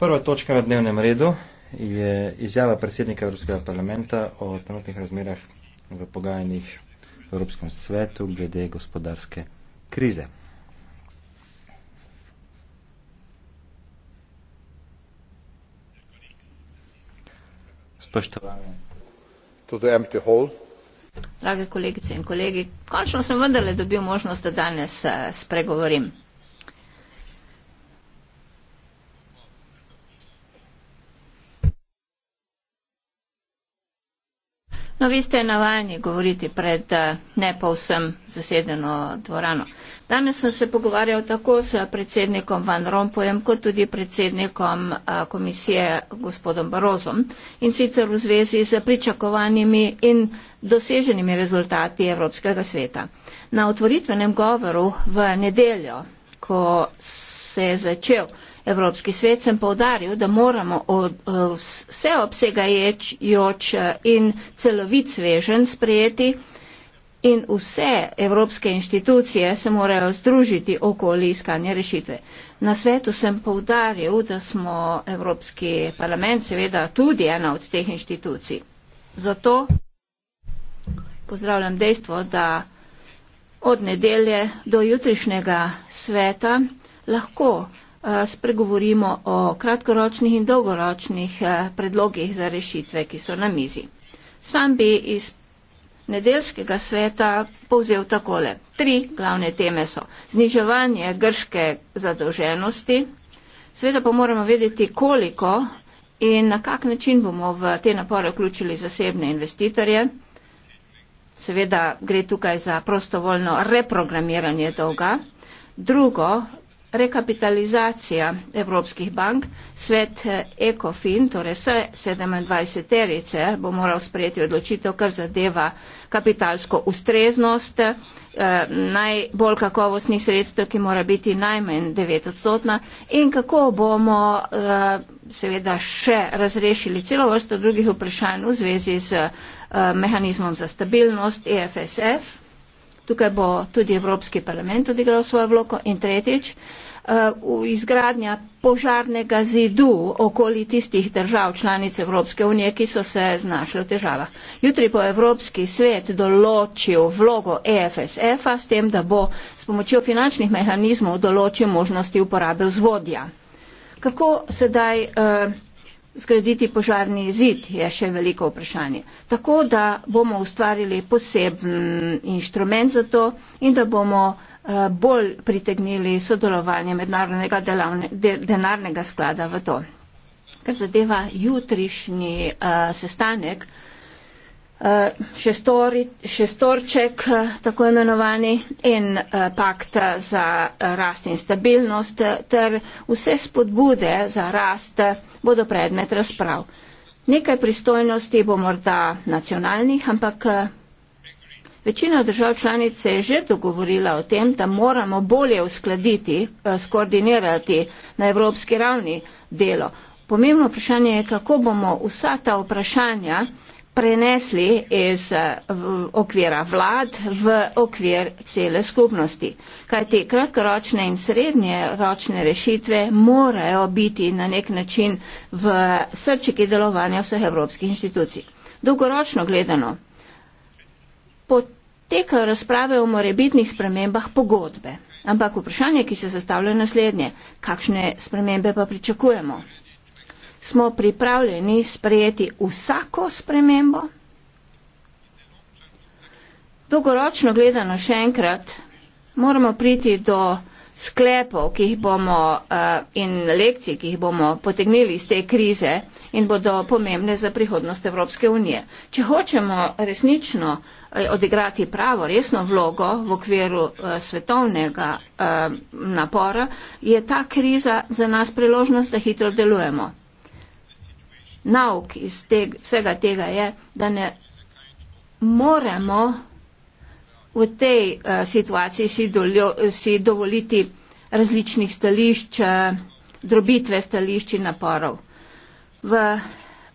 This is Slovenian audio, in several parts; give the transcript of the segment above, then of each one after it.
Prva točka na dnevnem redu je izjava predsednika Evropskega parlamenta o trenutnih razmerah v pogajanjih v Evropskem svetu glede gospodarske krize. To the empty hall. Drage kolegice in kolegi, končno sem vendarle dobil možnost, da danes eh, spregovorim. No, vi ste navajeni govoriti pred eh, ne pa vsem zasedeno dvorano. Danes sem se pogovarjal tako s predsednikom Van Rompojem, kot tudi predsednikom eh, komisije gospodom Barozom in sicer v zvezi z pričakovanimi in doseženimi rezultati Evropskega sveta. Na otvoritvenem govoru v nedeljo, ko se je začel Evropski svet sem povdaril, da moramo eh, vse obsegajoč eh, in celovit svežen sprejeti in vse evropske inštitucije se morajo združiti okoli iskanja rešitve. Na svetu sem povdaril, da smo Evropski parlament seveda tudi ena od teh inštitucij. Zato pozdravljam dejstvo, da od nedelje do jutrišnjega sveta lahko Eh, spregovorimo o kratkoročnih in dolgoročnih eh, predlogih za rešitve, ki so na mizi. Sam bi iz nedeljskega sveta povzel takole. Tri glavne teme so zniževanje grške zadolženosti, sveda pa moramo vedeti, koliko in na kak način bomo v te napore vključili zasebne investitorje. Seveda gre tukaj za prostovoljno reprogramiranje dolga. Drugo, rekapitalizacija evropskih bank, svet eh, ECOFIN, torej vse 27 terice, bo moral sprejeti odločitev, kar zadeva kapitalsko ustreznost eh, najbolj kakovostnih sredstev, ki mora biti najmanj 9 odstotna in kako bomo eh, seveda še razrešili celo vrsto drugih vprašanj v zvezi z mehanizmom za stabilnost EFSF. Tukaj bo tudi Evropski parlament odigral svojo vlogo. In tretjič, uh, izgradnja požarnega zidu okoli tistih držav članic Evropske unije, ki so se znašle v težavah. Jutri bo Evropski svet določil vlogo EFSF-a s tem, da bo s pomočjo finančnih mehanizmov določil možnosti uporabe vzvodja. Kako sedaj uh, zgraditi požarni zid, je še veliko vprašanje. Tako da bomo ustvarili poseben inštrument za to in da bomo eh, bolj pritegnili sodelovanje mednarodnega delavne, de, denarnega sklada v to. Kar zadeva jutrišnji uh, sestanek, uh, šestorček, tako imenovani, in eh, pakt eh, za eh, rast in stabilnost ter vse spodbude za rast bodo predmet razprav. Nekaj pristojnosti bo morda nacionalnih, ampak večina držav članic se je že dogovorila o tem, da moramo bolje uskladiti, skoordinirati na evropski ravni delo. Pomembno vprašanje je, kako bomo vsa ta vprašanja prenesli iz eh, okvira vlad v okvir cele skupnosti. Kaj te kratkoročne in srednje ročne rešitve morajo biti na nek način v srčiki delovanja vseh evropskih inštitucij. Dolgoročno gledano, potekajo razprave o morebitnih spremembah pogodbe. Ampak vprašanje, ki se zastavlja naslednje, kakšne spremembe pa pričakujemo? smo pripravljeni sprejeti vsako spremembo? Dolgoročno gledano še enkrat, moramo priti do sklepov ki jih bomo, eh, in lekcij, ki jih bomo potegnili iz te krize in bodo pomembne za prihodnost Evropske unije. Če hočemo resnično eh, odigrati pravo, resno vlogo v okviru eh, svetovnega napora, je ta kriza za nas priložnost, da hitro delujemo nauk iz teg, vsega tega je, da ne moremo v tej uh, situaciji si, doljo, si dovoliti različnih stališč, uh, drobitve stališč in naporov. V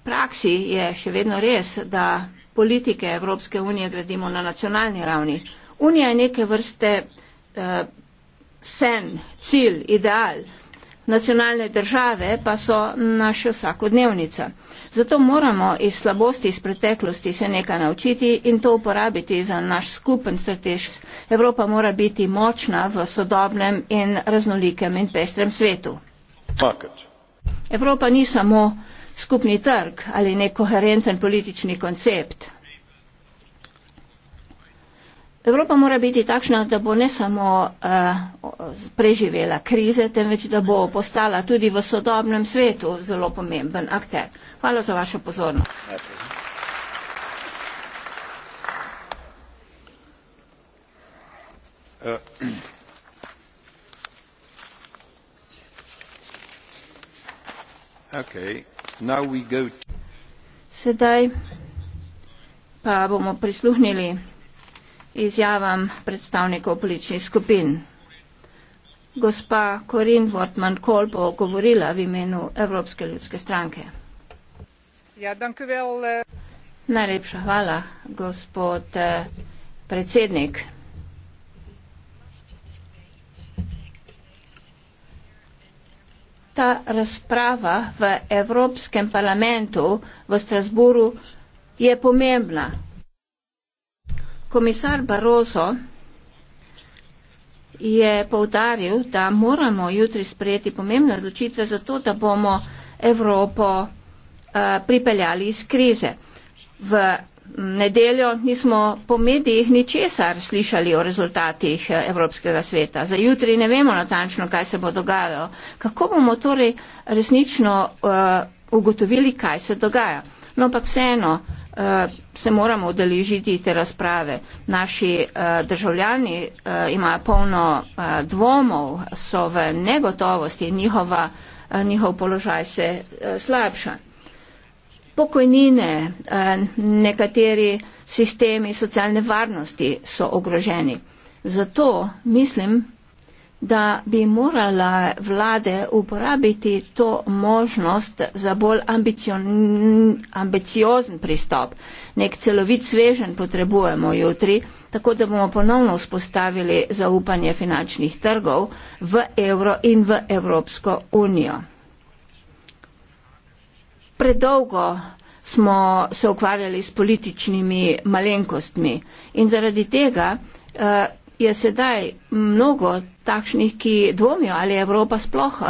praksi je še vedno res, da politike Evropske unije gradimo na nacionalni ravni. Unija je neke vrste uh, sen, cilj, ideal. Nacionalne države pa so naša vsakodnevnica. Zato moramo iz slabosti iz preteklosti se nekaj naučiti in to uporabiti za naš skupen strateš. Evropa mora biti močna v sodobnem in raznolikem in pestrem svetu. Paket. Evropa ni samo skupni trg ali nek koherenten politični koncept. Evropa mora biti takšna, da bo ne samo uh, preživela krize, temveč da bo postala tudi v sodobnem svetu zelo pomemben akter. Hvala za vašo pozornost. Eh. Okay. Sedaj pa bomo prisluhnili izjavam predstavnikov političnih skupin. Gospa Korin Wortman Kol bo govorila v imenu Evropske ljudske stranke. Ja, dankuvel. Eh. Najlepša hvala, gospod eh, predsednik. Ta razprava v Evropskem parlamentu v Strasburu je pomembna. Komisar Barroso je povdaril, da moramo jutri sprejeti pomembne odločitve za to, da bomo Evropo uh, pripeljali iz krize. V nedeljo nismo po medijih ničesar slišali o rezultatih eh, Evropskega sveta. Za jutri ne vemo natančno, kaj se bo dogajalo. Kako bomo torej resnično uh, ugotovili, kaj se dogaja? No, pa vseeno. Eh, se moramo odeležiti te razprave. Naši eh, državljani eh, imajo polno dvomov, so v negotovosti, njihova, njihov položaj se slabša. Pokojnine, nekateri sistemi socialne varnosti so ogroženi. Zato mislim, da bi morala vlade uporabiti to možnost za bolj ambicion, ambiciozen pristop. Nek celovit svežen potrebujemo jutri, tako da bomo ponovno vzpostavili zaupanje finančnih trgov v evro in v Evropsko unijo. Predolgo smo se ukvarjali s političnimi malenkostmi in zaradi tega eh, je sedaj mnogo takšnih, ki dvomijo, ali je Evropa sploh uh,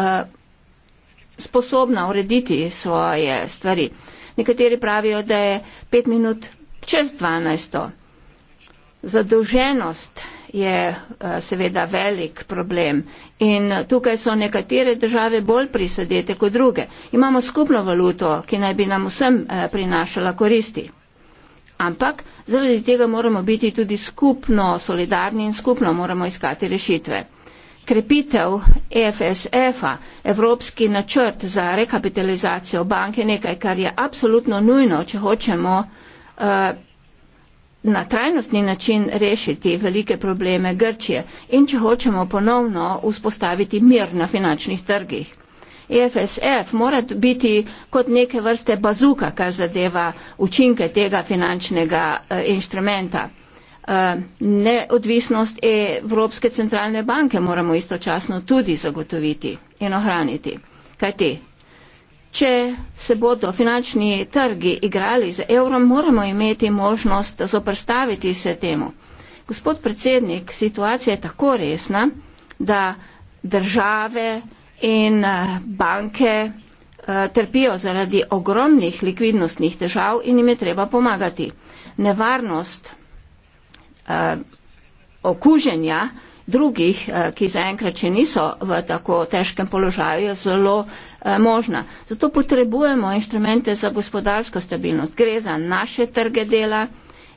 sposobna urediti svoje stvari. Nekateri pravijo, da je pet minut čez dvanajsto. Zadolženost je eh, seveda velik problem in tukaj so nekatere države bolj prisadete kot druge. Imamo skupno valuto, ki naj bi nam vsem eh, prinašala koristi. Ampak zaradi tega moramo biti tudi skupno solidarni in skupno moramo iskati rešitve krepitev EFSF-a, Evropski načrt za rekapitalizacijo banke, nekaj, kar je absolutno nujno, če hočemo uh, na trajnostni način rešiti velike probleme Grčije in če hočemo ponovno vzpostaviti mir na finančnih trgih. EFSF mora biti kot neke vrste bazuka, kar zadeva učinke tega finančnega uh, inštrumenta. Eh, neodvisnost Evropske centralne banke moramo istočasno tudi zagotoviti in ohraniti. Kaj ti? Če se bodo finančni trgi igrali z evrom, moramo imeti možnost zoprstaviti se temu. Gospod predsednik, situacija je tako resna, da države in eh, banke eh, trpijo zaradi ogromnih likvidnostnih težav in jim je treba pomagati. Nevarnost uh, okuženja drugih, eh, ki zaenkrat še niso v tako težkem položaju, je zelo eh, možna. Zato potrebujemo inštrumente za gospodarsko stabilnost. Gre za naše trge dela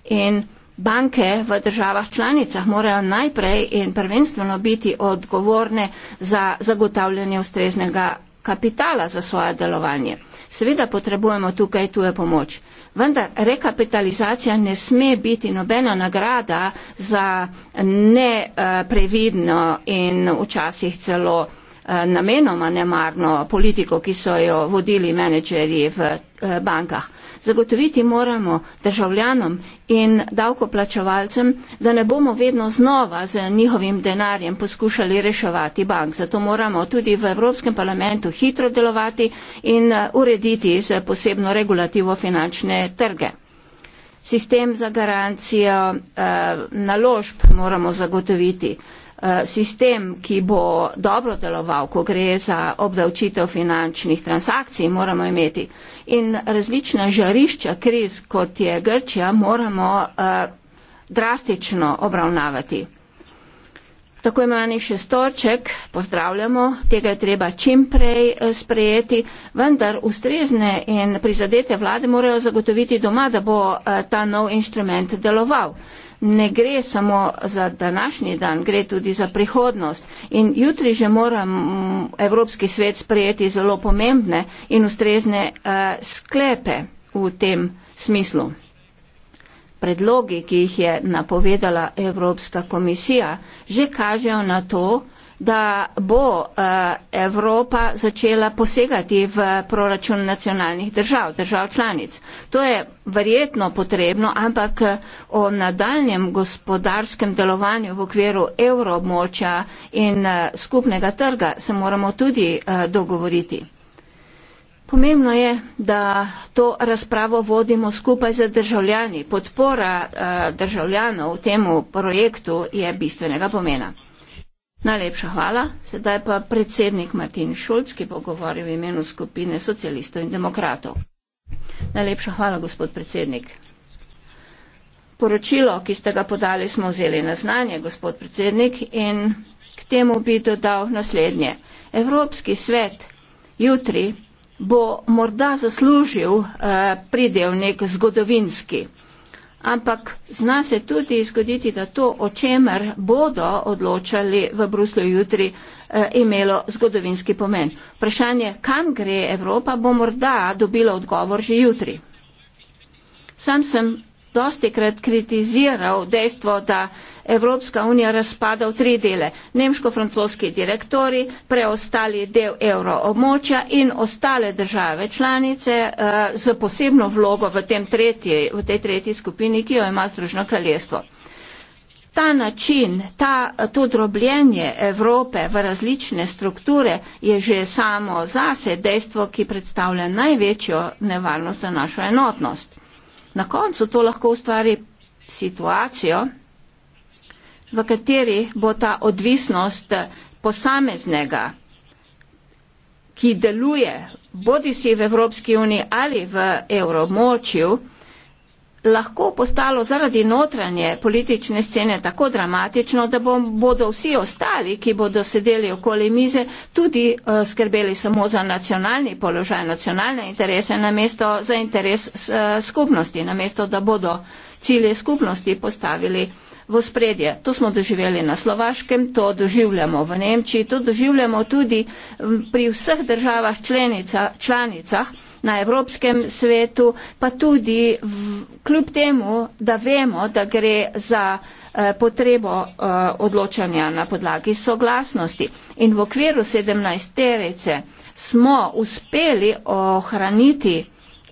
in banke v državah članicah morajo najprej in prvenstveno biti odgovorne za zagotavljanje ustreznega kapitala za svoje delovanje. Seveda potrebujemo tukaj tuje pomoč. Vendar rekapitalizacija ne sme biti nobena nagrada za neprevidno uh, in včasih celo Eh, namenoma nemarno politiko, ki so jo vodili menedžerji v eh, bankah. Zagotoviti moramo državljanom in davkoplačevalcem, da ne bomo vedno znova z njihovim denarjem poskušali reševati bank. Zato moramo tudi v Evropskem parlamentu hitro delovati in eh, urediti z posebno regulativo finančne trge. Sistem za garancijo eh, naložb moramo zagotoviti. Eh, Eh, sistem, ki bo dobro deloval, ko gre za obdavčitev finančnih transakcij, moramo imeti. In različna žarišča kriz, kot je Grčija, moramo eh, drastično obravnavati. Tako imani šestorček pozdravljamo, tega je treba čim prej eh, sprejeti, vendar ustrezne in prizadete vlade morajo zagotoviti doma, da bo ta nov inštrument deloval ne gre samo za današnji dan, gre tudi za prihodnost. In jutri že mora Evropski svet sprejeti zelo pomembne in ustrezne uh, sklepe v tem smislu. Predlogi, ki jih je napovedala Evropska komisija, že kažejo na to, da bo eh, Evropa začela posegati v proračun nacionalnih držav, držav članic. To je verjetno potrebno, ampak o nadaljem gospodarskem delovanju v okviru evromoča in eh, skupnega trga se moramo tudi eh, dogovoriti. Pomembno je, da to razpravo vodimo skupaj z državljani. Podpora državljanov temu projektu je bistvenega pomena. Najlepša hvala. Sedaj pa predsednik Martin Šulc, ki bo govoril v imenu skupine socialistov in demokratov. Najlepša hvala, gospod predsednik. Poročilo, ki ste ga podali, smo vzeli na znanje, gospod predsednik, in k temu bi dodal naslednje. Evropski svet jutri bo morda zaslužil eh, pridevnik zgodovinski. Ampak zna se tudi zgoditi, da to, o čemer bodo odločali v Bruslju jutri, eh, imelo zgodovinski pomen. Vprašanje, kam gre Evropa, bo morda dobilo odgovor že jutri. Sam sem dosti krat kritiziral dejstvo, da Evropska unija razpada v tri dele. Nemško-francoski direktori, preostali del euroobmočja in ostale države članice eh, z posebno vlogo v, tretji, v tej tretji skupini, ki jo ima Združeno kraljestvo. Ta način, ta, to drobljenje Evrope v različne strukture je že samo zase dejstvo, ki predstavlja največjo nevarnost za našo enotnost. Na koncu to lahko ustvari situacijo, v kateri bo ta odvisnost posameznega, ki deluje bodi si v Evropski uniji ali v evromočju, lahko postalo zaradi notranje politične scene tako dramatično, da bom, bodo vsi ostali, ki bodo sedeli okoli mize, tudi uh, skrbeli samo za nacionalni položaj, nacionalne interese, namesto za interes uh, skupnosti, namesto da bodo cilje skupnosti postavili v spredje. To smo doživeli na Slovaškem, to doživljamo v Nemčiji, to doživljamo tudi pri vseh državah členica, članicah na evropskem svetu, pa tudi v, kljub temu, da vemo, da gre za eh, potrebo eh, odločanja na podlagi soglasnosti. In v okviru 17. terice smo uspeli ohraniti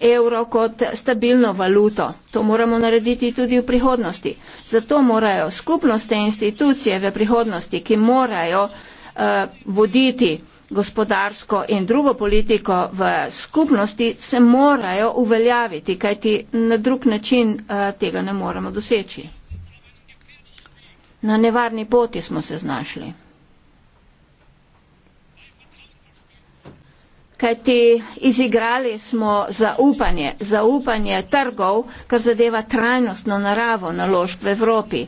evro kot stabilno valuto. To moramo narediti tudi v prihodnosti. Zato morajo skupnostne institucije v prihodnosti, ki morajo uh, voditi gospodarsko in drugo politiko v skupnosti, se morajo uveljaviti, kajti na drug način uh, tega ne moremo doseči. Na nevarni poti smo se znašli. kajti izigrali smo zaupanje, zaupanje trgov, kar zadeva trajnostno naravo naložb v Evropi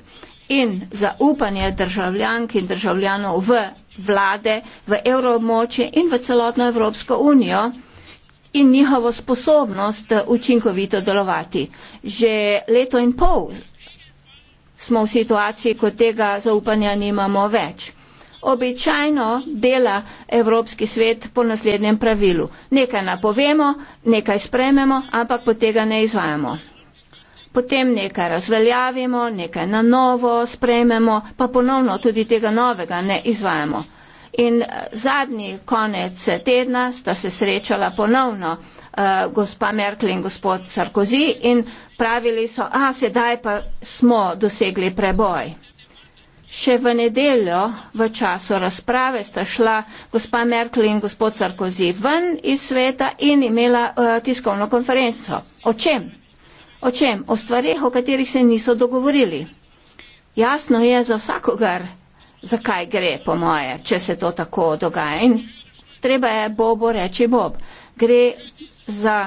in zaupanje državljank in državljanov v vlade, v evroobmočje in v celotno Evropsko unijo in njihovo sposobnost učinkovito delovati. Že leto in pol smo v situaciji, ko tega zaupanja nimamo več običajno dela Evropski svet po naslednjem pravilu. Nekaj napovemo, nekaj sprememo, ampak po tega ne izvajamo. Potem nekaj razveljavimo, nekaj na novo sprememo, pa ponovno tudi tega novega ne izvajamo. In eh, zadnji konec tedna sta se srečala ponovno uh, gospa Merkel in gospod Sarkozy in pravili so, a sedaj pa smo dosegli preboj. Še v nedeljo v času razprave sta šla gospa Merkel in gospod Sarkozy ven iz sveta in imela uh, tiskovno konferenco. O čem? O čem? O stvarih, o katerih se niso dogovorili. Jasno je za vsakogar, zakaj gre, po moje, če se to tako dogaja. In treba je Bobo reči Bob. Gre za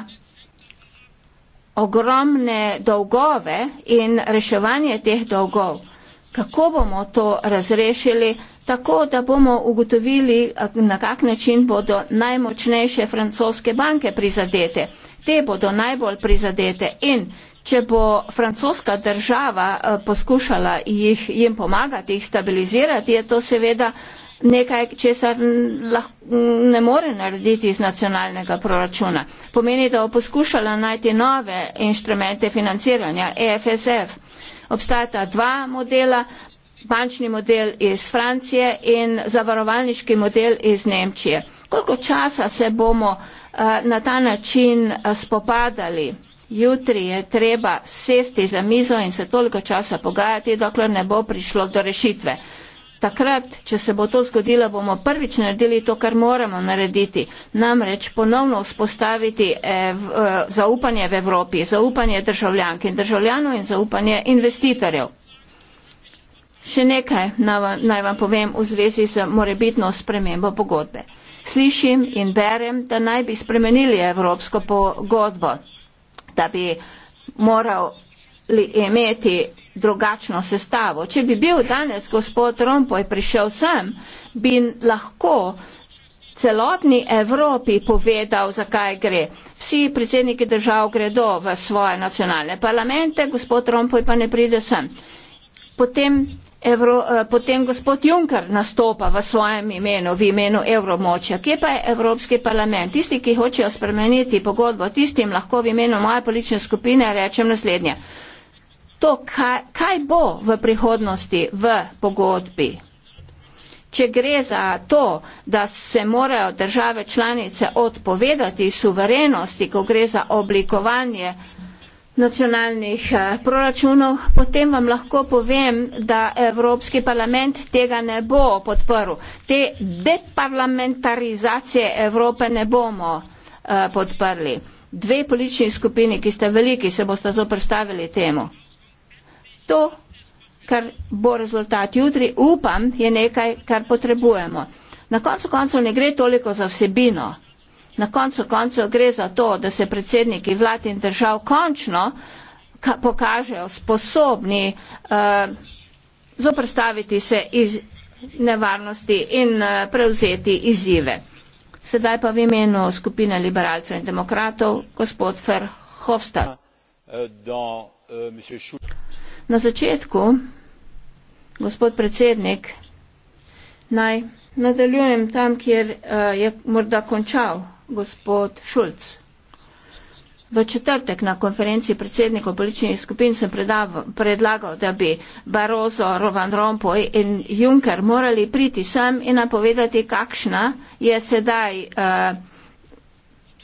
ogromne dolgove in reševanje teh dolgov kako bomo to razrešili, tako da bomo ugotovili, na kak način bodo najmočnejše francoske banke prizadete. Te bodo najbolj prizadete in če bo francoska država poskušala jih, jim pomagati, jih stabilizirati, je to seveda nekaj, česar ne more narediti iz nacionalnega proračuna. Pomeni, da bo poskušala najti nove inštrumente financiranja, EFSF obstajata dva modela, bančni model iz Francije in zavarovalniški model iz Nemčije. Koliko časa se bomo eh, na ta način eh, spopadali? Jutri je treba sesti za mizo in se toliko časa pogajati, dokler ne bo prišlo do rešitve. Takrat, če se bo to zgodilo, bomo prvič naredili to, kar moramo narediti. Namreč ponovno vzpostaviti ev, eh, ev, eh, zaupanje v Evropi, zaupanje državljank in državljanov in zaupanje investitorjev. Še nekaj naj vam povem v zvezi z morebitno spremembo pogodbe. Slišim in berem, da naj bi spremenili Evropsko pogodbo, da bi morali imeti drugačno sestavo. Če bi bil danes gospod Rompoj prišel sem, bi lahko celotni Evropi povedal, zakaj gre. Vsi predsedniki držav gredo v svoje nacionalne parlamente, gospod Rompoj pa ne pride sem. Potem, Evro, eh, potem gospod Juncker nastopa v svojem imenu, v imenu Evromoča. Kje pa je Evropski parlament? Tisti, ki hočejo spremeniti pogodbo, tistim lahko v imenu moje politične skupine rečem naslednje to, kaj, kaj bo v prihodnosti v pogodbi. Če gre za to, da se morajo države članice odpovedati suverenosti, ko gre za oblikovanje nacionalnih eh, proračunov, potem vam lahko povem, da Evropski parlament tega ne bo podprl. Te deparlamentarizacije Evrope ne bomo eh, podprli. Dve politični skupini, ki sta veliki, se boste zoprstavili temu to, kar bo rezultat jutri, upam, je nekaj, kar potrebujemo. Na koncu koncev ne gre toliko za vsebino. Na koncu koncev gre za to, da se predsedniki vlad in držav končno pokažejo sposobni uh, zoprstaviti se iz nevarnosti in uh, prevzeti izzive. Sedaj pa v imenu skupine liberalcev in demokratov, gospod Ferhofstad. Uh, uh, Na začetku, gospod predsednik, naj nadaljujem tam, kjer eh, je morda končal gospod Šulc. V četrtek na konferenci predsednikov političnih skupin sem predlagal, da bi Barozo, Rovan Rompoj in Juncker morali priti sem in nam povedati, kakšna je sedaj eh,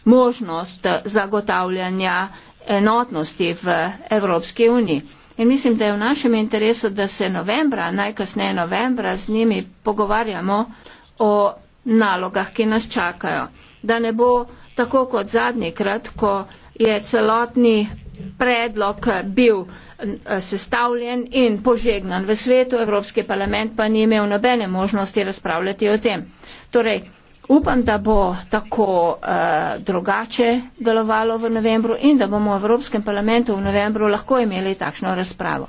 možnost zagotavljanja enotnosti v Evropski uniji. In mislim, da je v našem interesu, da se novembra, najkasneje novembra, z njimi pogovarjamo o nalogah, ki nas čakajo. Da ne bo tako kot zadnji krat, ko je celotni predlog bil eh, sestavljen in požegnan v svetu, Evropski parlament pa ni imel nobene možnosti razpravljati o tem. Torej, Upam, da bo tako eh, drugače delovalo v novembru in da bomo v Evropskem parlamentu v novembru lahko imeli takšno razpravo.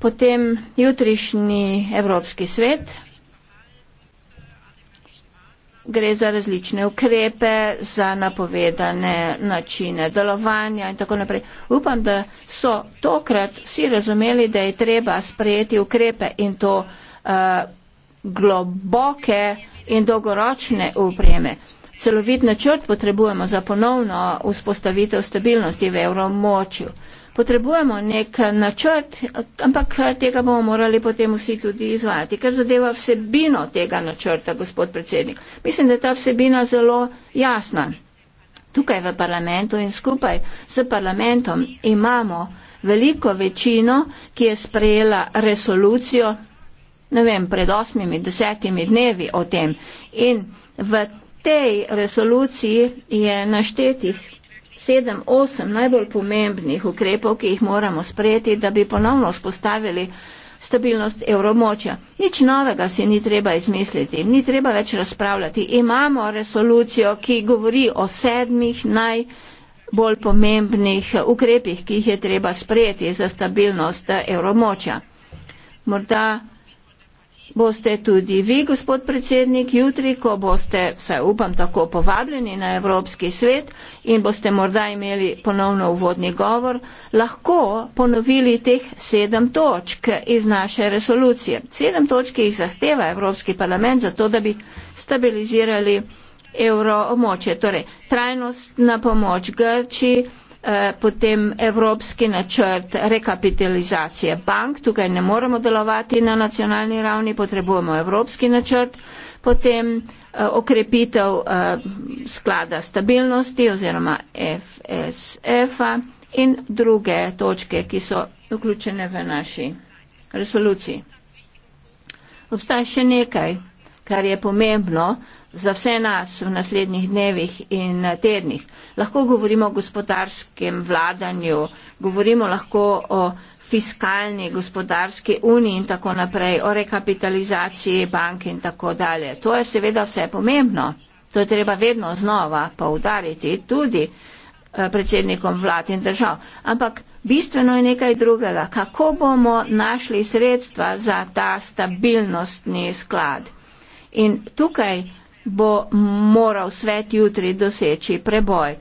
Potem jutrišnji Evropski svet. Gre za različne ukrepe, za napovedane načine delovanja in tako naprej. Upam, da so tokrat vsi razumeli, da je treba sprejeti ukrepe in to eh, globoke in dolgoročne upreme. Celovit načrt potrebujemo za ponovno vzpostavitev stabilnosti v evromočju. Potrebujemo nek načrt, ampak tega bomo morali potem vsi tudi izvajati, ker zadeva vsebino tega načrta, gospod predsednik. Mislim, da je ta vsebina zelo jasna. Tukaj v parlamentu in skupaj s parlamentom imamo veliko večino, ki je sprejela resolucijo ne vem, pred osmimi, desetimi dnevi o tem. In v tej resoluciji je naštetih sedem, osem najbolj pomembnih ukrepov, ki jih moramo sprejeti, da bi ponovno spostavili stabilnost evromočja. Nič novega si ni treba izmisliti, ni treba več razpravljati. Imamo resolucijo, ki govori o sedmih naj bolj pomembnih ukrepih, ki jih je treba sprejeti za stabilnost evromoča. Morda boste tudi vi, gospod predsednik, jutri, ko boste, vsaj upam, tako povabljeni na Evropski svet in boste morda imeli ponovno uvodni govor, lahko ponovili teh sedem točk iz naše resolucije. Sedem točk jih zahteva Evropski parlament za to, da bi stabilizirali evroomoče, torej trajnostna pomoč Grčiji, Eh, potem evropski načrt rekapitalizacije bank, tukaj ne moremo delovati na nacionalni ravni, potrebujemo evropski načrt, potem eh, okrepitev eh, sklada stabilnosti oziroma FSF-a in druge točke, ki so vključene v naši resoluciji. Obstaja še nekaj, kar je pomembno za vse nas v naslednjih dnevih in tednih. Lahko govorimo o gospodarskem vladanju, govorimo lahko o fiskalni gospodarski uniji in tako naprej, o rekapitalizaciji bank in tako dalje. To je seveda vse pomembno. To je treba vedno znova poudariti tudi eh, predsednikom vlad in držav. Ampak bistveno je nekaj drugega. Kako bomo našli sredstva za ta stabilnostni sklad? In tukaj bo moral svet jutri doseči preboj.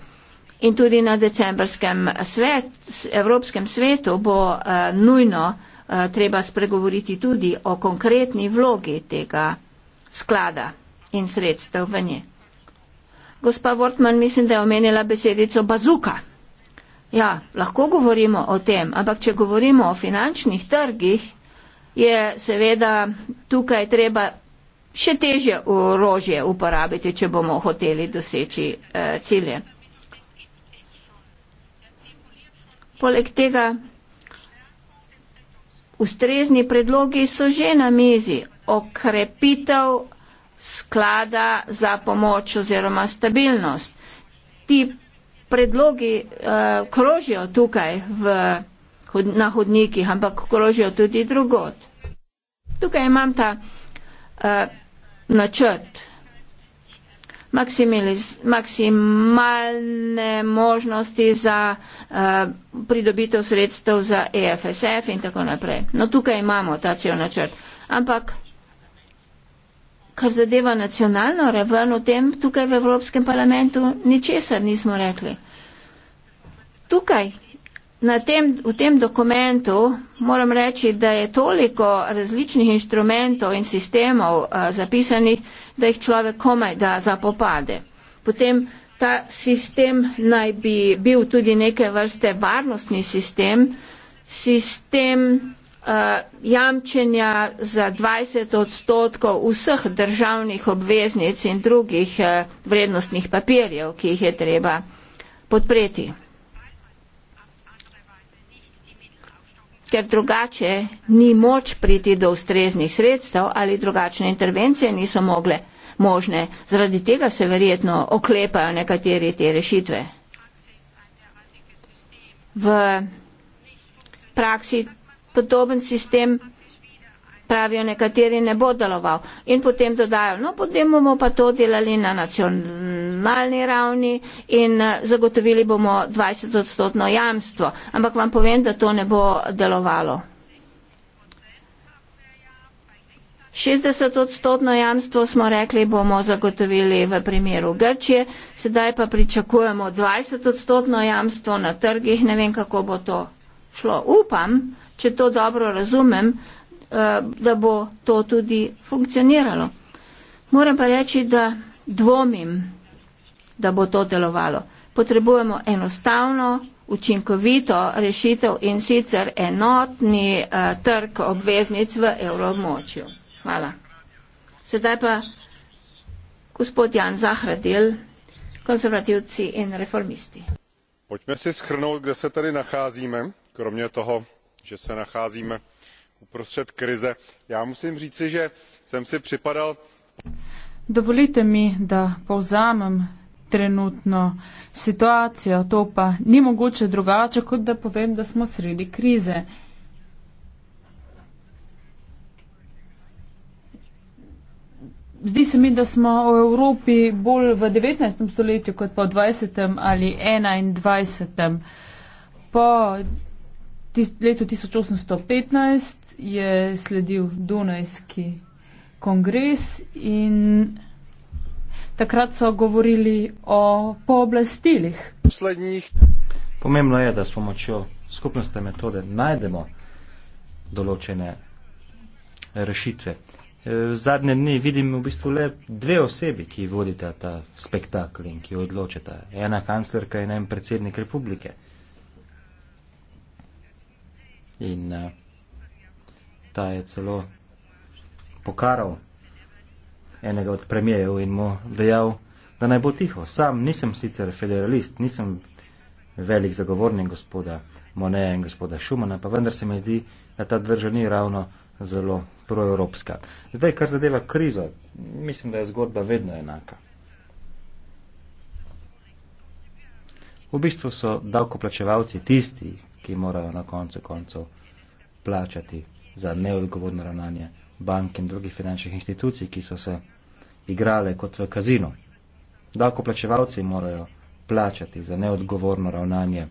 In tudi na decembrskem svet, Evropskem svetu bo uh, nujno uh, treba spregovoriti tudi o konkretni vlogi tega sklada in sredstev v nje. Gospa Wortman, mislim, da je omenila besedico bazuka. Ja, lahko govorimo o tem, ampak če govorimo o finančnih trgih, je seveda tukaj treba še težje orožje uporabiti, če bomo hoteli doseči eh, cilje. Poleg tega, ustrezni predlogi so že na mizi okrepitev sklada za pomoč oziroma stabilnost. Ti predlogi eh, krožijo tukaj v, na hodnikih, ampak krožijo tudi drugot. Tukaj imam ta. Eh, načrt. Maksimalne možnosti za uh, pridobitev sredstev za EFSF in tako naprej. No, tukaj imamo ta cel načrt. Ampak, kar zadeva nacionalno raven o tem, tukaj v Evropskem parlamentu ničesar nismo rekli. Tukaj Na tem, v tem dokumentu moram reči, da je toliko različnih inštrumentov in sistemov a, eh, zapisani, da jih človek komaj da zapopade. Potem ta sistem naj bi bil tudi neke vrste varnostni sistem, sistem a, eh, jamčenja za 20 odstotkov vseh državnih obveznic in drugih a, eh, vrednostnih papirjev, ki jih je treba podpreti. ker drugače ni moč priti do ustreznih sredstev ali drugačne intervencije niso mogle možne. Zaradi tega se verjetno oklepajo nekateri te rešitve. V praksi podoben sistem pravijo nekateri, ne bo deloval. In potem dodajo, no potem bomo pa to delali na nacionalni ravni in eh, zagotovili bomo 20 odstotno jamstvo. Ampak vam povem, da to ne bo delovalo. 60 odstotno jamstvo smo rekli bomo zagotovili v primeru Grčije, sedaj pa pričakujemo 20 odstotno jamstvo na trgih, ne vem kako bo to šlo. Upam, če to dobro razumem, Eh, da bo to tudi funkcioniralo. Moram pa reči, da dvomim, da bo to delovalo. Potrebujemo enostavno, učinkovito rešitev in sicer enotni uh, trg obveznic v evroobmočju. Hvala. Sedaj pa gospod Jan Zahradil, konservativci in reformisti. Pojďme si shrnout, kde se tady nacházíme, kromě toho, že se nacházíme uh, uprostřed krize. Já musím říci, že jsem si připadal. Dovolite mi, da povzamem trenutno situacijo, to pa ni mogoče drugače, kot da povem, da smo sredi krize. Zdi se mi, da smo v Evropi bolj v 19. stoletju kot pa v 20. ali 21. Po letu 1815 je sledil Dunajski kongres in takrat so govorili o pooblastilih. Pomembno je, da s pomočjo skupnostne metode najdemo določene rešitve. V e, zadnje dni vidim v bistvu le dve osebi, ki vodita ta spektakl in ki odločita. Ena kanclerka in en predsednik republike. In uh, ta je celo pokaral enega od premijev in mu dejal, da naj bo tiho. Sam nisem sicer federalist, nisem velik zagovornik gospoda Moneja in gospoda Šumana, pa vendar se mi zdi, da ta drža ni ravno zelo proevropska. Zdaj, kar zadeva krizo, mislim, da je zgodba vedno enaka. V bistvu so davkoplačevalci tisti, ki morajo na koncu koncev plačati za neodgovorno ravnanje bank in drugih finančnih institucij, ki so se igrale kot v kazino. Davkoplačevalci morajo plačati za neodgovorno ravnanje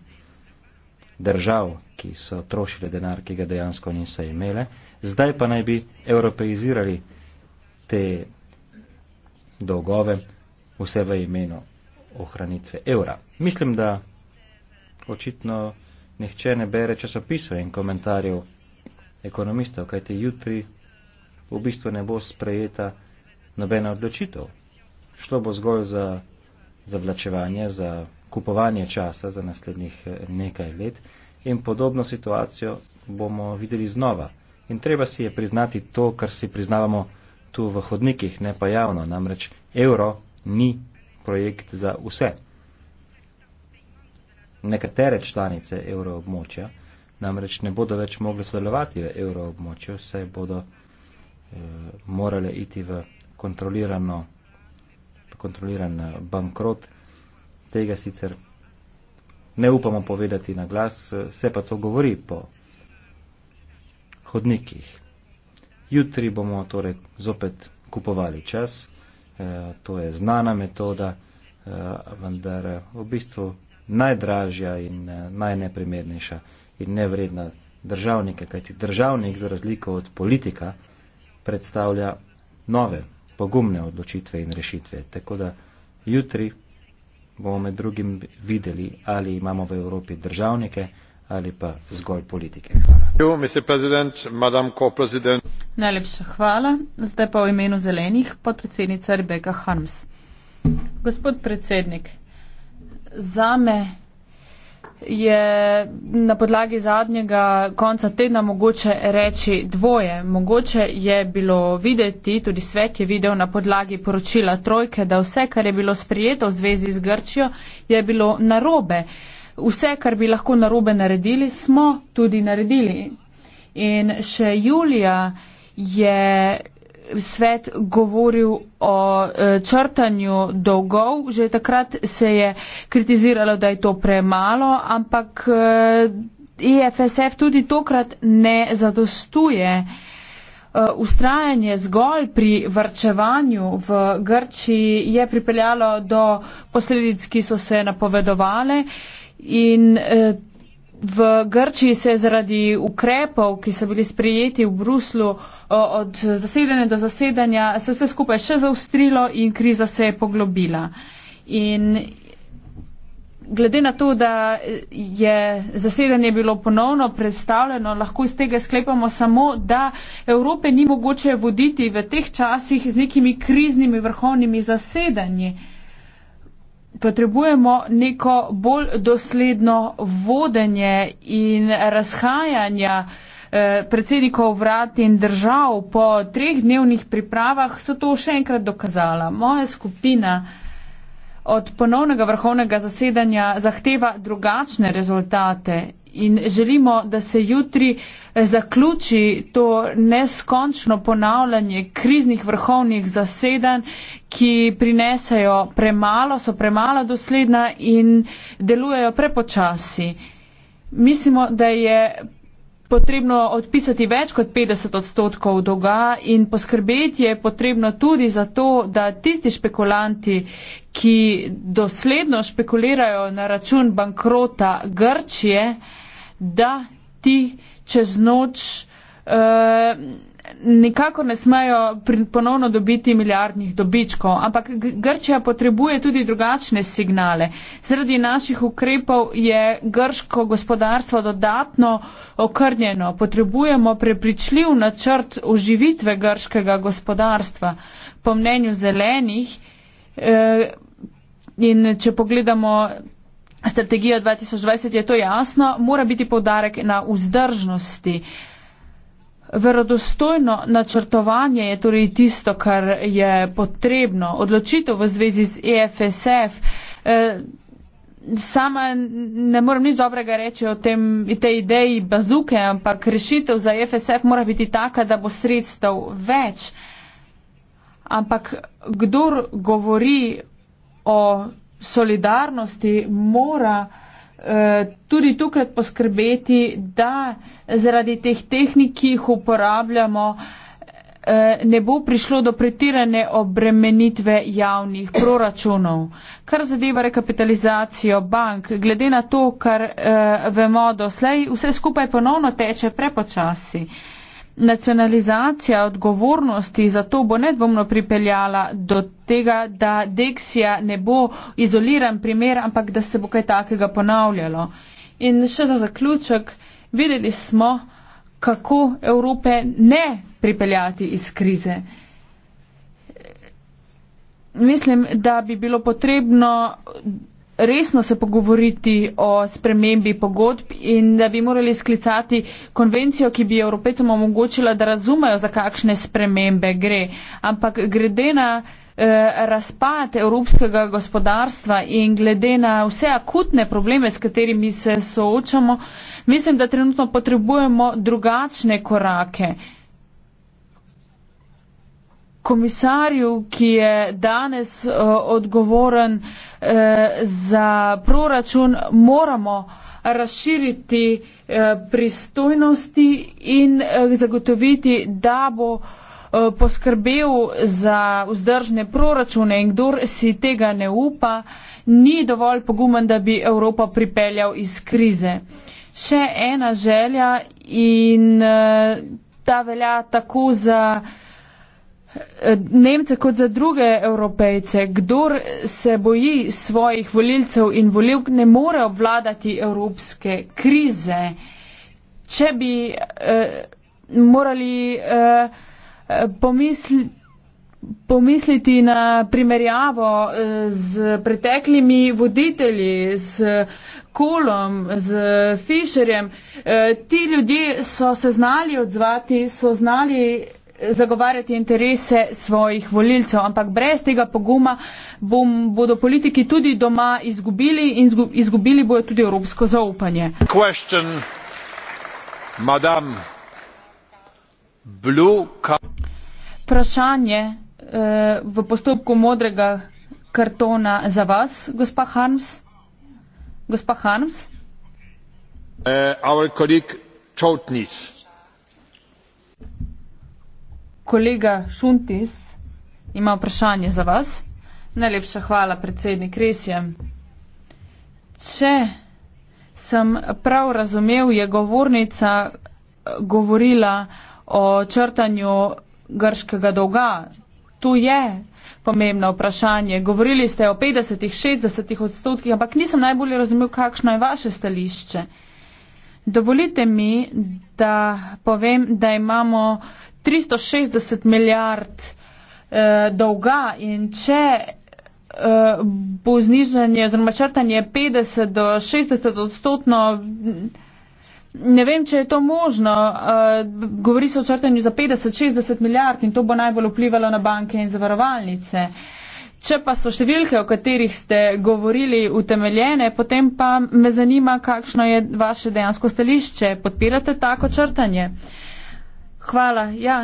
držav, ki so trošile denar, ki ga dejansko niso imele, zdaj pa naj bi europeizirali te dolgove vse v imenu ohranitve evra. Mislim, da očitno nihče ne bere časopisov in komentarjev ekonomistov, kajte jutri v bistvu ne bo sprejeta nobena odločitev. Šlo bo zgolj za zavlačevanje, za kupovanje časa za naslednjih eh, nekaj let in podobno situacijo bomo videli znova. In treba si je priznati to, kar si priznavamo tu v hodnikih, ne pa javno, namreč evro ni projekt za vse. Nekatere članice evroobmočja območja namreč ne bodo več mogli sodelovati v evroobmočju, se bodo e, eh, morali iti v kontrolirano, kontroliran eh, bankrot. Tega sicer ne upamo povedati na glas, eh, se pa to govori po hodnikih. Jutri bomo torej zopet kupovali čas, e, to je znana metoda, e, vendar v bistvu najdražja in najneprimernejša in nevredna državnika, kajti državnik za razliko od politika predstavlja nove, pogumne odločitve in rešitve. Tako da jutri bomo med drugim videli, ali imamo v Evropi državnike ali pa zgolj politike. Hvala. Najlepša hvala. Zdaj pa v imenu zelenih podpredsednica Rebeka Harms. Gospod predsednik, zame je na podlagi zadnjega konca tedna mogoče reči dvoje. Mogoče je bilo videti, tudi svet je videl na podlagi poročila trojke, da vse, kar je bilo sprijeto v zvezi z Grčijo, je bilo narobe. Vse, kar bi lahko narobe naredili, smo tudi naredili. In še julija je svet govoril o e, črtanju dolgov, že takrat se je kritiziralo, da je to premalo, ampak IFSF e, e tudi tokrat ne zadostuje. Ustrajanje zgolj pri vrčevanju v Grčiji je pripeljalo do posledic, ki so se napovedovale in V Grčiji se je zaradi ukrepov, ki so bili sprejeti v Bruslu od zasedanja do zasedanja, se vse skupaj še zaustrilo in kriza se je poglobila. In glede na to, da je zasedanje bilo ponovno predstavljeno, lahko iz tega sklepamo samo, da Evrope ni mogoče voditi v teh časih z nekimi kriznimi vrhovnimi zasedanji potrebujemo neko bolj dosledno vodenje in razhajanja eh, predsednikov vrat in držav po treh dnevnih pripravah, so to še enkrat dokazala. Moja skupina od ponovnega vrhovnega zasedanja zahteva drugačne rezultate in želimo, da se jutri eh, zaključi to neskončno ponavljanje kriznih vrhovnih zasedanj, ki prinesajo premalo, so premalo dosledna in delujejo prepočasi. Mislimo, da je potrebno odpisati več kot 50 odstotkov dolga in poskrbeti je potrebno tudi za to, da tisti špekulanti, ki dosledno špekulirajo na račun bankrota Grčije, da ti čez noč uh, eh, nikako ne smejo ponovno dobiti milijardnih dobičkov. Ampak Grčija potrebuje tudi drugačne signale. Zaradi naših ukrepov je grško gospodarstvo dodatno okrnjeno. Potrebujemo prepričljiv načrt oživitve grškega gospodarstva. Po mnenju zelenih uh, in če pogledamo strategijo 2020, je to jasno, mora biti povdarek na vzdržnosti. Verodostojno načrtovanje je torej tisto, kar je potrebno. Odločitev v zvezi z EFSF. Eh, sama ne morem nič dobrega reči o tem, tej ideji bazuke, ampak rešitev za EFSF mora biti taka, da bo sredstev več. Ampak kdor govori o solidarnosti mora eh, tudi tukaj poskrbeti, da zaradi teh tehnik, ki jih uporabljamo, eh, ne bo prišlo do pretirane obremenitve javnih proračunov. Kar zadeva rekapitalizacijo bank, glede na to, kar eh, vemo doslej, vse skupaj ponovno teče prepočasi. Nacionalizacija odgovornosti za to bo nedvomno pripeljala do tega, da Deksija ne bo izoliran primer, ampak da se bo kaj takega ponavljalo. In še za zaključek, videli smo, kako Evrope ne pripeljati iz krize. Mislim, da bi bilo potrebno resno se pogovoriti o spremembi pogodb in da bi morali sklicati konvencijo, ki bi Evropecem omogočila, da razumejo, za kakšne spremembe gre. Ampak glede na eh, razpad evropskega gospodarstva in glede na vse akutne probleme, s katerimi se soočamo, mislim, da trenutno potrebujemo drugačne korake. Komisarju, ki je danes uh, odgovoren uh, za proračun moramo razširiti eh, pristojnosti in eh, zagotoviti, da bo eh, poskrbel za vzdržne proračune in kdor si tega ne upa, ni dovolj pogumen, da bi Evropa pripeljal iz krize. Še ena želja in ta velja tako za Nemce kot za druge evropejce, kdor se boji svojih volilcev in volivk, ne more obvladati evropske krize. Če bi eh, morali eh, pomisliti. Pomisliti na primerjavo z eh, preteklimi voditelji, s Kolom, z Fišerjem. Eh, ti ljudje so se znali odzvati, so znali zagovarjati interese svojih volilcev. Ampak brez tega poguma bom, bodo politiki tudi doma izgubili in izgubili bojo tudi evropsko zaupanje. Question, Blue... Vprašanje eh, v postopku modrega kartona za vas, gospa Harms. Gospa Harms? Uh, our colleague Chotnis kolega Šuntis ima vprašanje za vas. Najlepša hvala, predsednik Resje. Če sem prav razumel, je govornica eh, govorila o črtanju grškega dolga. Tu je pomembno vprašanje. Govorili ste o 50-60 odstotkih, ampak nisem najbolje razumel, kakšno je vaše stališče. Dovolite mi, da povem, da imamo 360 milijard eh, dolga in če eh, bo znižanje oziroma črtanje 50 do 60 odstotno, ne vem, če je to možno. Eh, govori se o črtanju za 50-60 milijard in to bo najbolj vplivalo na banke in zavarovalnice. Če pa so številke, o katerih ste govorili, utemeljene, potem pa me zanima, kakšno je vaše dejansko stališče. Podpirate tako črtanje? Uh, Hvala. Ja.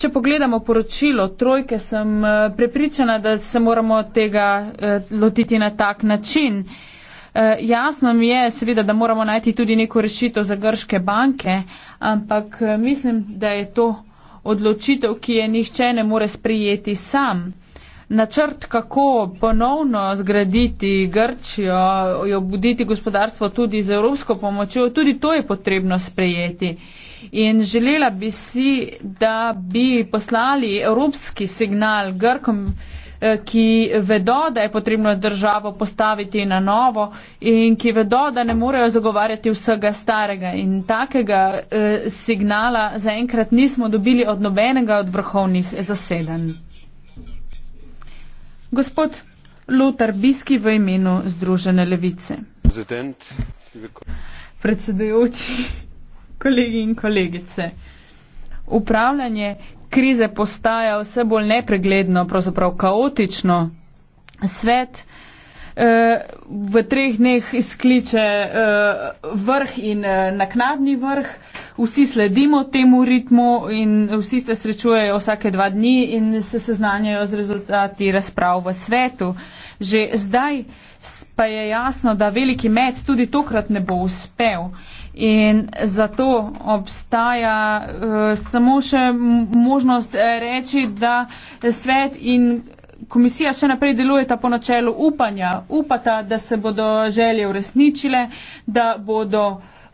Če pogledamo poročilo trojke, sem eh, prepričana, da se moramo tega eh, lotiti na tak način. Eh, jasno mi je seveda, da moramo najti tudi neko rešitev za grške banke, ampak mislim, da je to odločitev, ki je nihče ne more sprijeti sam. Načrt, kako ponovno zgraditi Grčijo, jo buditi gospodarstvo tudi z evropsko pomočjo, tudi to je potrebno sprejeti. In želela bi si, da bi poslali evropski signal Grkom, eh, ki vedo, da je potrebno državo postaviti na novo in ki vedo, da ne morejo zagovarjati vsega starega. In takega eh, signala zaenkrat nismo dobili od nobenega od vrhovnih zaseden. Gospod Lotar Biski v imenu Združene levice. Predsedujoči kolegi in kolegice. Upravljanje krize postaja vse bolj nepregledno, pravzaprav kaotično. Svet eh, v treh dneh izkliče eh, vrh in eh, naknadni vrh, vsi sledimo temu ritmu in vsi se srečujejo vsake dva dni in se seznanjajo z rezultati razprav v svetu. Že zdaj pa je jasno, da veliki med tudi tokrat ne bo uspel. In zato obstaja uh, samo še možnost eh, reči, da svet in komisija še naprej delujeta po načelu upanja. Upata, da se bodo želje uresničile, da bodo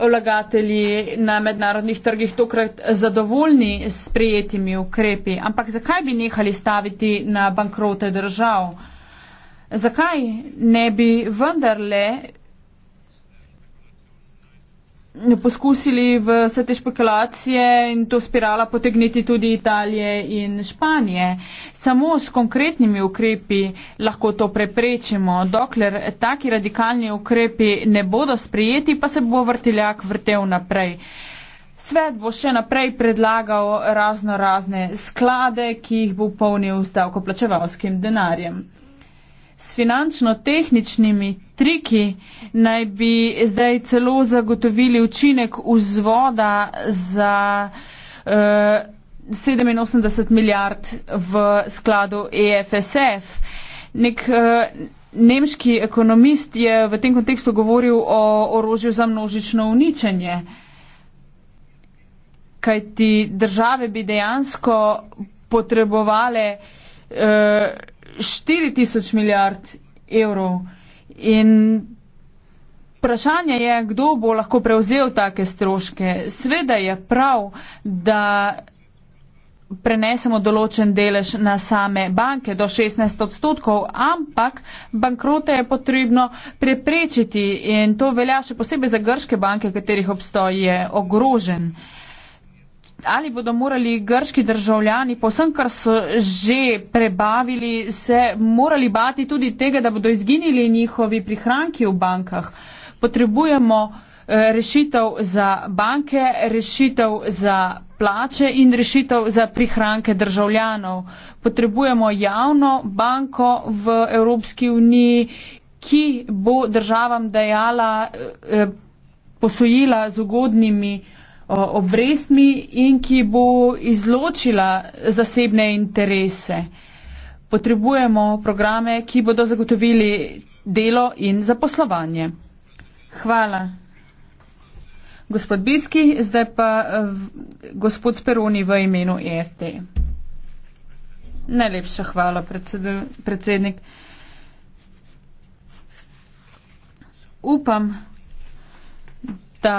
vlagatelji na mednarodnih trgih tokrat zadovoljni s prijetimi ukrepi. Ampak zakaj bi nehali staviti na bankrote držav? zakaj ne bi vendarle poskusili vse te špekulacije in to spirala potegniti tudi Italije in Španije. Samo s konkretnimi ukrepi lahko to preprečimo. Dokler taki radikalni ukrepi ne bodo sprijeti, pa se bo vrteljak vrtel naprej. Svet bo še naprej predlagal razno razne sklade, ki jih bo polnil s davkoplačevalskim denarjem s finančno-tehničnimi triki naj bi zdaj celo zagotovili učinek vzvoda za uh, eh, 87 milijard v skladu EFSF. Nek uh, nemški ekonomist je v tem kontekstu govoril o orožju za množično uničenje, kaj ti države bi dejansko potrebovale uh, 4000 milijard evrov. In vprašanje je, kdo bo lahko prevzel take stroške. Sveda je prav, da prenesemo določen delež na same banke do 16 odstotkov, ampak bankrote je potrebno preprečiti in to velja še posebej za grške banke, katerih obstoj je ogrožen. Uh, Ali bodo morali grški državljani, posem, kar so že prebavili, se morali bati tudi tega, da bodo izginili njihovi prihranki v bankah? Potrebujemo eh, rešitev za banke, rešitev za plače in rešitev za prihranke državljanov. Potrebujemo javno banko v Evropski uniji, ki bo državam dajala eh, eh, posojila z ugodnimi obrestmi in ki bo izločila zasebne interese. Potrebujemo programe, ki bodo zagotovili delo in zaposlovanje. Hvala. Gospod Biski, zdaj pa gospod Speroni v imenu EFT. Najlepša hvala, predsednik. Upam, da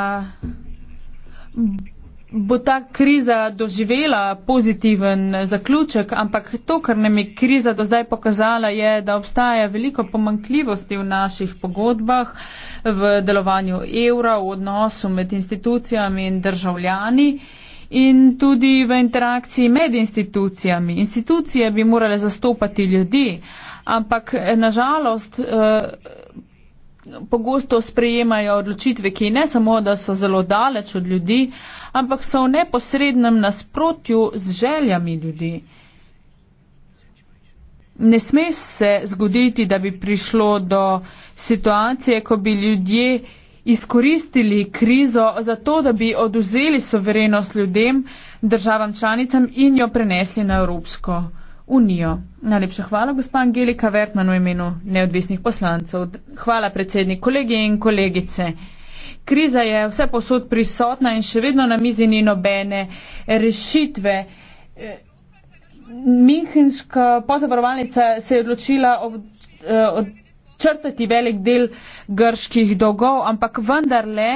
bo ta kriza doživela pozitiven zaključek, ampak to, kar nam je kriza do zdaj pokazala, je, da obstaja veliko pomankljivosti v naših pogodbah, v delovanju evra, v odnosu med institucijami in državljani in tudi v interakciji med institucijami. Institucije bi morale zastopati ljudi, ampak nažalost. Eh, pogosto sprejemajo odločitve, ki ne samo, da so zelo daleč od ljudi, ampak so v neposrednem nasprotju z željami ljudi. Ne sme se zgoditi, da bi prišlo do situacije, ko bi ljudje izkoristili krizo za to, da bi oduzeli soverenost ljudem, državam članicam in jo prenesli na Evropsko unijo unijo. Najlepša hvala, gospa Angelika Vertman, v imenu neodvisnih poslancev. Hvala, predsednik, kolegi in kolegice. Kriza je vse posod prisotna in še vedno na mizi ni nobene rešitve. Eh, Minhenska pozavarovalnica se je odločila eh, odčrtati velik del grških dolgov, ampak vendarle.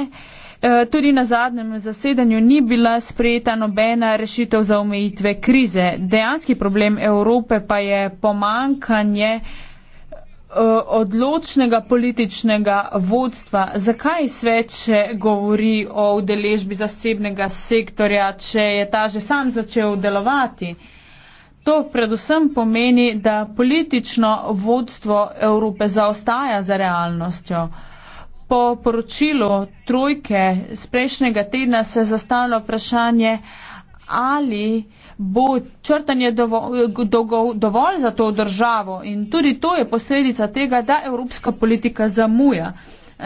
Eh, tudi na zadnjem zasedanju ni bila sprejeta nobena rešitev za omejitve krize. Dejanski problem Evrope pa je pomankanje eh, odločnega političnega vodstva. Zakaj sveče govori o udeležbi zasebnega sektorja, če je ta že sam začel delovati? To predvsem pomeni, da politično vodstvo Evrope zaostaja za realnostjo po poročilu trojke z prejšnjega tedna se zastavlja vprašanje, ali bo črtanje dolgov dovolj, dovolj za to državo. In tudi to je posledica tega, da evropska politika zamuja.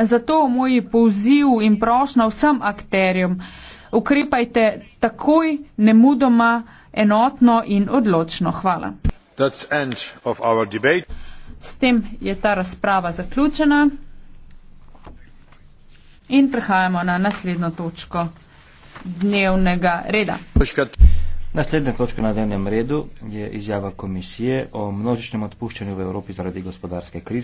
Zato moj poziv in prošnja vsem akterjem. Ukrepajte takoj, nemudoma, enotno in odločno. Hvala. S tem je ta razprava zaključena. In prehajamo na naslednjo točko dnevnega reda. Naslednja točka na dnevnem redu je izjava komisije o množičnem odpuščanju v Evropi zaradi gospodarske krize.